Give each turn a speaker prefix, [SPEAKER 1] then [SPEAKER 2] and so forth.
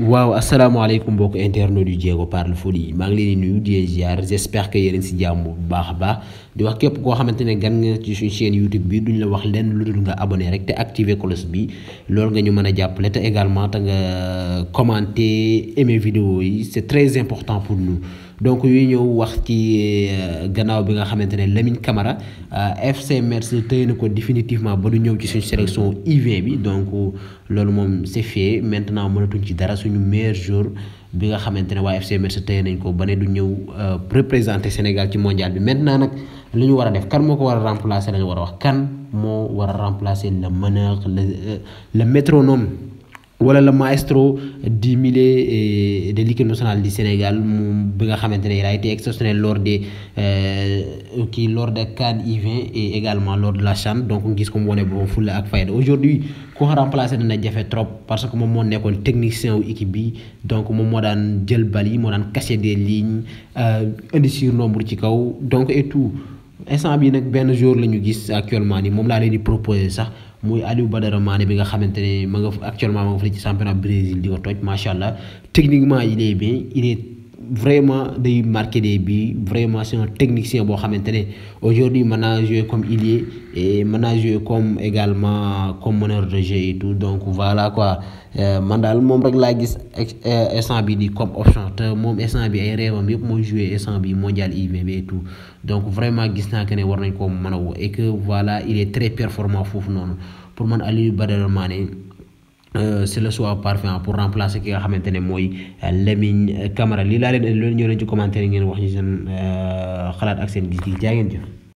[SPEAKER 1] waaw asalaamaaleykum mbokk internautes yu Diégo Parle Foot yi maa ngi leen di nuyu di ziar j'espère que yéen si jàmm bu baax a baax di wax képp koo xamante ne gan nga ci suñu chaîne YouTube bi duñ la wax lenn lu dul nga abonné rek te activer cloche bi loolu nga ñu mën a jàppale te également te nga commenter aimer vidéo yi c'est très important pour nous donc ñuy ñëw wax ci euh, gannaaw bi nga xamante ne Lamine Camara euh, FC Metz tey na ko définitivement ba du ñëw ci suñu sélection U20 bi donc loolu moom c'est fait maintenant mënatuñ ci dara suñu meilleur jour bi nga xamante ne waa FC Metz tey nañ ko ba ne du ñëw euh, représenter Sénégal ci mondial bi maintenant nag li ñu war a def kan moo ko war a remplacer lañu war a wax kan moo war a remplacer le meneur le le métronome wala le maestro di milieu de l'équipe nationale du Sénégal il a été exceptionnel lors des qui euh, CAN et également lors de la CHAN donc on gis bon aujourd'hui ko remplacé dana trop parce que mom technicien ou équipe donc mom mo dan djel bal casser des lignes euh, nombre ci kaw donc et tout instant bi nag benn jour la ñu gis actuellement ni moom laa leen di proposer sax muy Aliou Badara Mané bi nga xamante ne ma nga actuellement ma nga fële ci championnat Brésil di ko toj macha allah techniquement il est bien il est vraiment day marquer des buts vraiment c'est un technicien bon xamante ne aujourd'hui manager comme jouer comme ailier et manager jouer comme également comme meneur de jeu et tout donc voilà quoi euh, man daal moom rek la gis euh, instant bi di comme option te mom instant bi ay rêvam yëpp mooy jouer instant bi mondial UVB et tout donc vraiment gis na que ne war nañ ko mën et que voilà il est très performant fofu non pour man Aliou Badara Mané Euh, c'est le choix parfait pour remplacer ki nga xamante ne mooy euh, Lamine euh, Camara lii laa leen indi loolu ñëw leen ci commentaire yi ngeen wax ñu xalaat ak seen gis-gis jaa ngeen